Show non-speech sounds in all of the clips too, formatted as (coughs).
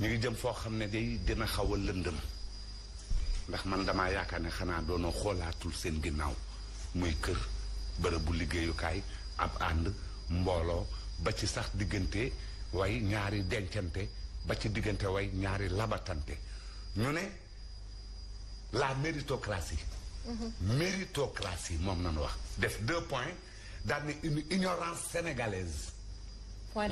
ñu ngi jëm foo xam ne day dina xaw a lëndëm ndax man damaa yaakaar ne xanaa doono xoolaatul seen ginnaaw muy kër bërëb liggéeyukaay ab ànd mbooloo ba ci sax diggante way ñaari dencante ba ci diggante way ñaari labatante ñu ne la méritocratie mm-hmm. méritocratie moom nañu wax def deux points daal ni une ignorance sénégalaise point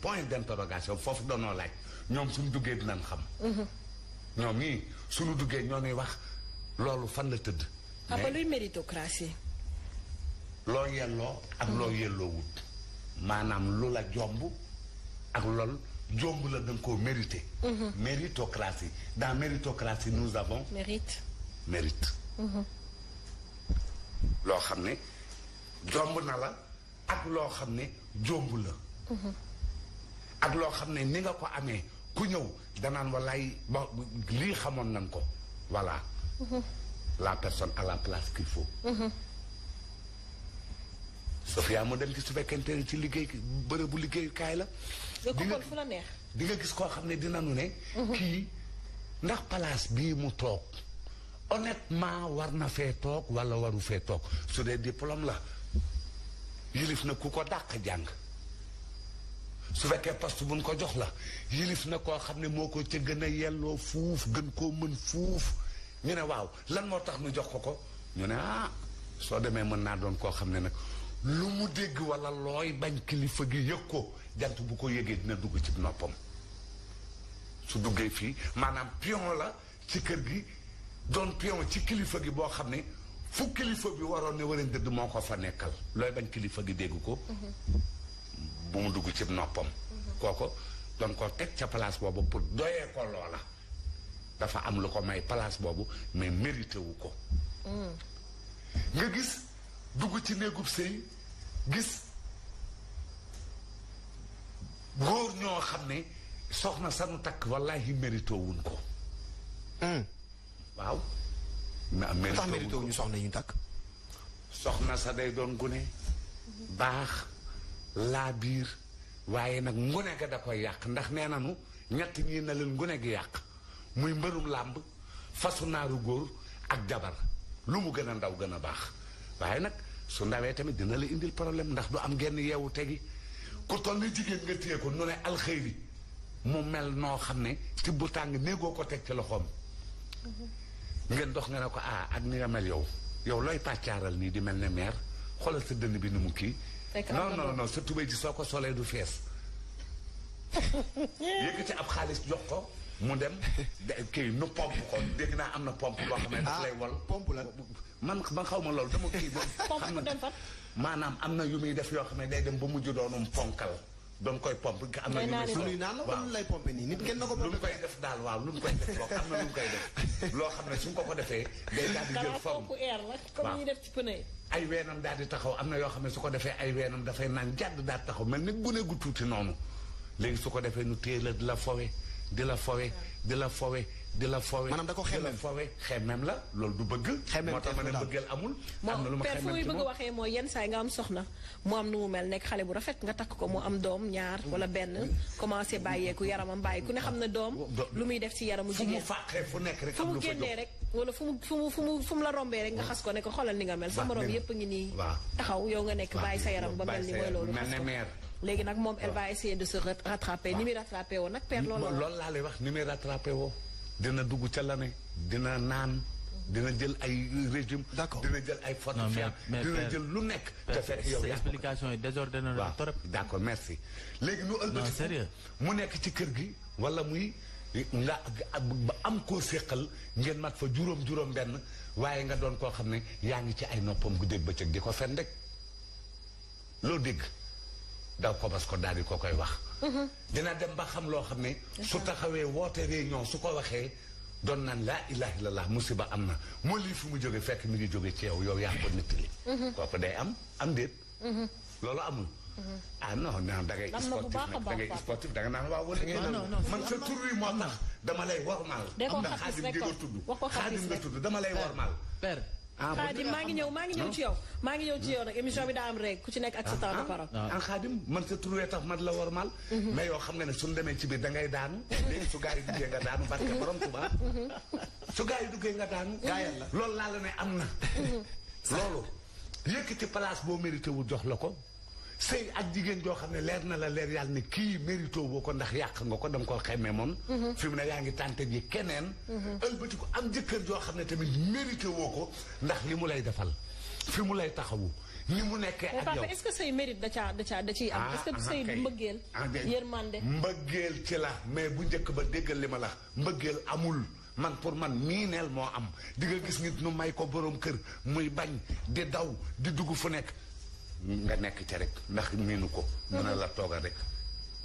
point d'interrogation foofu doonoo laaj ñoom suñu duggee dinañ xam. Mm-hmm. ñoom ñii suñu duggee ñoo ñuy wax loolu fan la tëdd. mais papa luy méritocratie. loo yelloo ak loo mm-hmm. yelloo wut maanaam lu la jomb ak lool jomb la da nga koo mérité. Mm-hmm. méritocratie dans méritocratie nous avons. mérite mérite. loo xam ne jomb na la ak loo xam ne jomb la. ak loo xam ne ni nga ko amee. ku ñëw danaan walaay lii xamoon nañ ko voilà la personne à la place qu'il faut Sofia moo dem gis su fekkente ne ci liggéey bërëbu liggéeyukaay la di nga gis koo xam ne dinañu ne mhm. kii ndax place bii mu toog honnêtement war na fee toog wala waru fee toog su dee diplôme la yilif na ku ko dàq jàng su fekkee poste buñ ko jox la yilif na koo xam ne moo ko ca gën a yelloo fuuf gën koo mën fuuf ñu ne waaw lan moo tax nu jox ko ko ñu ne ah soo demee mën naa doon koo xam ne nag lu mu dégg wala looy bañ kilifa gi yëg ko jant bu ko yëgee dina dugg cib noppam su duggee fii maanaam pion la ci kër gi doon pion ci kilifa gi boo xam ne fu kilifa bi waroon ne war a dëdd moo ko fa nekkal looy bañ kilifa gi dégg ko mhm. bu mu dugg ci noppam kooku doon ko teg ca place boobu pour doyee ko loola dafa am lu ko may place boobu mais mérité wu ko mm. nga gis dugg ci néegub sëy gis góor ñoo xam ne soxna sanu takk wallahi mérité wuñ ko mm. waaw ma mérité wuñ ko soxna ñu takk soxna sa day doon gune baax laa biir waaye nag ngune ga da koy yàq ndax nee nanu ñett ñii na leen ngune gi yàq muy mbërum làmb fasu naaru góor ak jabar lu mu gën a ndaw gën a baax waaye nag su ndawee tamit dina la indil problème ndax du am genn yeewu tegi ku toll ni jigéen nga téye ko nu ne alxëyri mu mel noo xam ne ci bu tàng néegoo ko teg ci loxoom ngeen dox nga ko ah ak ni nga mel yow yow looy pàccaaral nii di mel ne meer xoolal sa dënn bi ni mu kii fekk non non non sa tubéy ji soo ko solee du fees. (laughs) yëkkati ab xaalis jox ko mu dem kii nu pompe ko dégg naa am na pompe boo xam ne daf ah, lay wol. pompe la man man xaw ma loolu dama kii. pompe dem fan maanaam am na yu muy def yoo xam ne day dem ba mujj doonum ponkal. doon koy pompe am na ñu. lu muy naan la lay pompe nii nit kenn na ko pompe. lu mu koy def daal waaw lu mu koy def am na lu mu koy def loo xam ne su ko ko defee. day daal di jël forme air la comme ñu def ci pneu ay weenam daal di taxaw am na yoo xam ne su ko defee ay weenam dafay naan jàdd daal taxaw mel ni gune gu tuuti noonu léegi su ko defee nu téel a la fowe di la fowe di la fowe di la fowe maanaam da ko xemmeem di la la loolu du bëgg. xemmeem moo tax ma ne bëggeel amul. am na lu ma xemmeem ci bëgg a waxee mooy yenn saa yi nga am soxna mu am nu mu mel nekk xale bu rafet nga takk ko mu am doom ñaar wala benn commencé bàyyeeku yaramam bàyyi ku ne xam ne doom. lu muy def ci yaramu jigéen fu mu fàqee fu nekk rek. am lu fa jóg fu mu génnee rek wala fu mu fu mu fu mu fu mu la rombee rek nga xas ko ne ko xoolal ni nga mel. sa morom yëpp ngi nii taxaw yow nga nekk bàyyi sa yaram ba mel ni mooy léegi nag moom elle va ah. essayer de se rattraper ni ah. muy rattraper woo nag laa lay wax ni muy rattraper woo dina dugg ca la ne dina naan dina jël ay régime d'accord dina jël ay fortifiant dina jël lu nekk te fekk yow explication yi désordonné na trop d'accord merci léegi nu ëlbati sérieux mu nekk ci kër gi wala muy nga ba am koo séqal ngeen mat fa juróom-juróom benn waaye nga doon koo xam ne yaa ngi ci ay noppam guddeeg bëccëg di ko fen rek loo dégg daw kobas ko daal di ko koy wax mm-hmm. dina dem ba xam loo xam ne mm-hmm. su taxawee woote réunion su ko waxee doon naan laa ilaha illallah ba am na moo lii fi mu jóge fekk mi ngi jóge ci yow yow yaa ko nettali mm-hmm. day am am loolu amul ah non non da ngay sportif da ngay sportif da nga naan waaw wala ngay naan man sa tur wi moo tax dama lay warmaal am nga tudd dama lay warmaal ah Xaadim maa ngi ñëw maa ngi ñëw ci yow. Ah. maa ngi ñëw ci yow nag émission bi daa am rek ku ci nekk ak sa temps de ah, ah. parole. Xaadim man sa trouvé tax man la wormal. Mhm. mais yoo xam nga ne suñu demee ci biir da ngay daanu. Mhm. léegi su gars yi duggee nga daanu barke mhm. borom yi duggee nga daanu. loolu laa la ne am na. loolu yëkkati place boo mérité wu jox la ko. sëy ak jigéen joo xam ne leer na la leer yàlla ne kii mérito boo ko ndax yàq nga ko da nga koo xeme moom mhm. fi mu ne yaa ngi tànte ji keneen mhm. ëlbati ko am jëkkër joo xam ne tamit mérité woo ko ndax li mu lay defal fi mu lay taxawu ni mu nekkee ak yow ce que sëy mérite da caa da caa da ciy am ah, est-ce que ah, sëy mbëggeel ah, yërmande mbëggeel ci la mais bu njëkk ba déggal li ma la mbëggeel amul man pour man mii neel moo am di nga gis nit nu may ko boroom kër muy bañ di daw di dugg fu nekk nga nekk ca rek ndax miinu ko mën na la toogal rek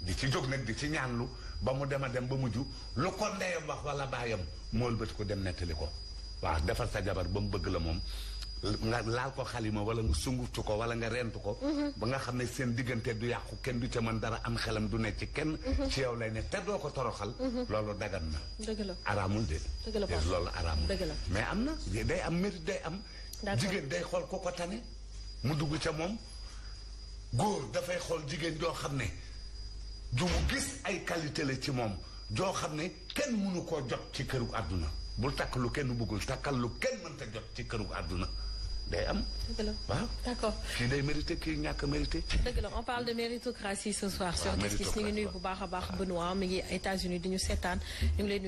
di ci jóg nag di ci ñaanlu ba mu dem a dem ba mujj lu ko ndeyam wax wala baayam mool bët ko dem nettali ko waaw defal sa jabar ba mu bëgg la moom nga laal ko xalima wala nga sunguftu ko wala nga rentu ko mhm. ba nga xam ne seen diggante du yàqu kenn du ca man dara am xelam du nekk ci kenn mhm. ci yow lay ne te doo ko toroxal mhm. loolu dagan na dëgg la araamul de loolu araamul mais am na day am mérite day am jigéen day xool ko ko mu dugg ca moom góor dafay xool jigéen joo xam ne du mu gis ay qualité la ci moom joo xam ne kenn mënu koo jot ci këru àdduna bul takk lu kenn buggul takkal lu kenn mënta jot ci këru àdduna day am. dëgg la bu baax a baax Benoît mi ngi États-Unis di ñu seetaan. ñu ngi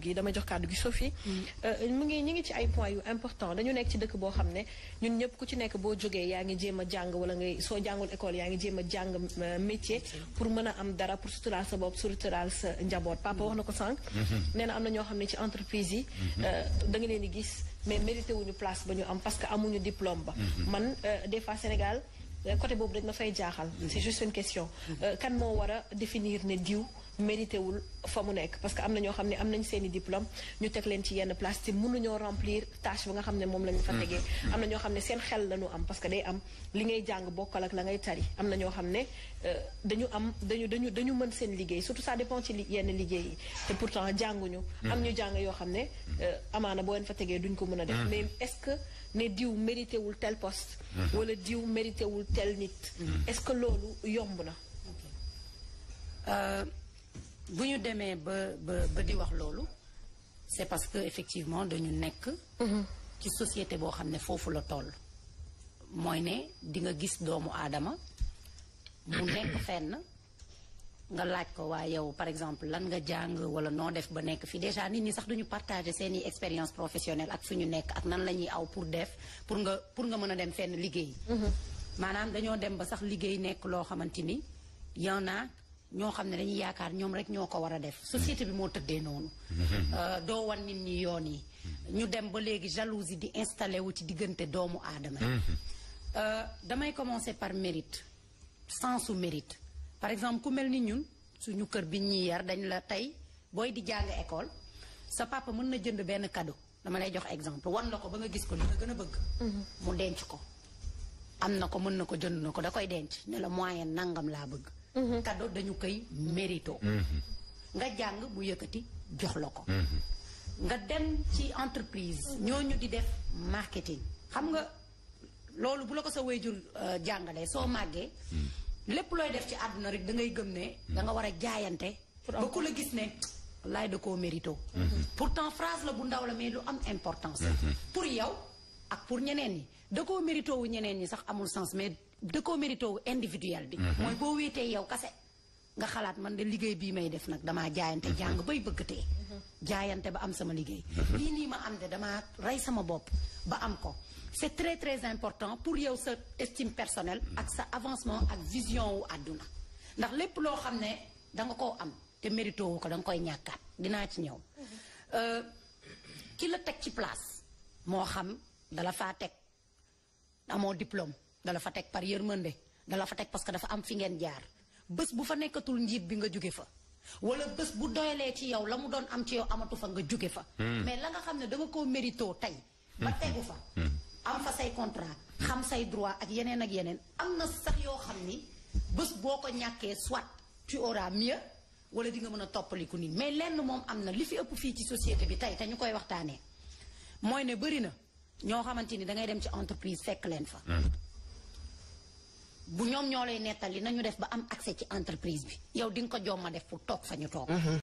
gi gi Sophie. Mm. Euh, mu ngi ñu ngi ci ay points yu important dañu nekk ci dëkk boo xam ne ñun ñëpp ku ci nekk boo jógee yaa ngi jéem a jàng wala ngay soo jàngul école yaa ngi jéem a jàng euh, métier. pour mën a am dara pour suturaal sa bopp suturaal sa njaboot papa wax na ko sànq. Mm-hmm. nee na am na ñoo xam ne ci entreprise yi mm-hmm. euh, da nga leen gis mais mérité wuñu place ba ñu am parce que amuñu diplôme ba. Mhm. man euh, des fois Sénégal euh, côté boobu dañ ma fay jaaxal. c'est juste une question. Euh, kan moo war a définir ne diw. mérité wul fa mu nekk parce que am na ñoo xam ne am nañ seeni i ñu teg leen ci yenn place te mënuñoo remplir tâche bi nga xam ne moom lañu fa mm-hmm. tegee am na ñoo xam ne seen xel lañu parce que day am li ngay jàng bokkal ak la ngay tari am na ñoo xam ne euh, dañu am dañu dañu dañu mën seen liggéey surtout sa dépend ci yenn liggéey yi te pourtant jànguñu mm-hmm. am ñu jàng yoo xam ne mm-hmm. euh, amaana boo leen fa tegee duñ ko mën a def mais est que ne diw mérité wul tel poste wala diw mérité wul tel nit est-ce que loolu yomb na euh, bu ñu demee ba ba di wax loolu c'est parce que effectivement dañu nekk. Mhm. ci société boo xam ne foofu la toll. mooy ne di nga gis doomu aadama mu nekk (coughs) fenn nga laaj ko waaye yow par exemple lan nga jàng wala noo def ba nekk fi déjà nit ñi sax duñu partager seeni expérience professionnel ak fu ñu nekk ak nan la ñuy aw pour def pour nga pour nga mën a dem fenn liggéey. Mhm. maanaam dañoo dem ba sax liggéey nekk loo xamante ni ñoo xam ne dañuy yaakaar ñoom rek ñoo ko war a def société bi moo tëddee noonu mhm. euh, doo wan nit ñi yoon yi mhm. ñu dem ba léegi jalousie di installé wu ci diggante doomu aadama yi mhm. euh, damay commencer par mérite sensu mérite par exemple ku mel ni ñun suñu kër bi ñuy yar dañ la tey booy di jàng école sa papa mën na jënd benn cadeau dama lay jox exemple wan la ko ba nga gis ko li nga gën a bëgg mu denc ko am na ko mën na ko jënd na ko da koy denc ne la moyen nangam laa bëgg Mm-hmm. cadeau dañu koy mérito mm-hmm. nga jàng bu yëkkati jox la ko mm-hmm. nga dem ci entreprise ñu di def marketing xam nga loolu bu la ko sa wéyjur euh, jàngalee soo màggee lépp looy def ci àdduna rek da ngay gëm ne da nga war a jaayante ba ku la gis ne laay da koo mérito pourtant phrase la bu ndaw la mais lu am importance pour yow ak pour ñeneen yi da koo mérito wu ñeneen yi sax amul sens mais da koo mérité wu individuel bi. Mhm. mooy boo wéetee yow kase. nga xalaat man de liggéey bii may def nag damaa jaayante mhm. jàng bay bëggatee mhm. jaayante ba am sama liggéey lii lii ma am de damaa rey sama bopp ba am ko c'est très très important pour yow sa estime personnelle ak sa avancement ak vision wu àdduna ndax lépp loo xam ne danga koo am te mérito wu ko danga koy ñàkkaat dinaa ci ñëw euh, ki la teg ci place moo xam dala faa teg amoo diplôme dala fa teg par yërmande dala fa teg parce que dafa am fi ngeen jaar bés bu fa nekkatul njiit bi nga jóge fa wala bés bu doyalee ci yow la mu doon am ci yow amatu fa nga jóge fa hmm. mais la nga xam ne da nga koo mérito tey ba hmm. tegu fa hmm. am fa say contrat xam say droit ak yeneen ak yeneen am na sax yoo xam ni bés boo ko ñàkkee soit tu auras mieux wala di nga mën a toppaliku nii mais lenn moom am na li fi ëpp fii ci société bi tey te ñu koy waxtaanee mooy ne bëri na ñoo xamante ni da ngay dem ci entreprise fekk leen fa bu ñoom ñoo lay nettali nañu def ba am accès ci entreprise bi yow di ko jomma def pour toog fa ñu toog mm-hmm.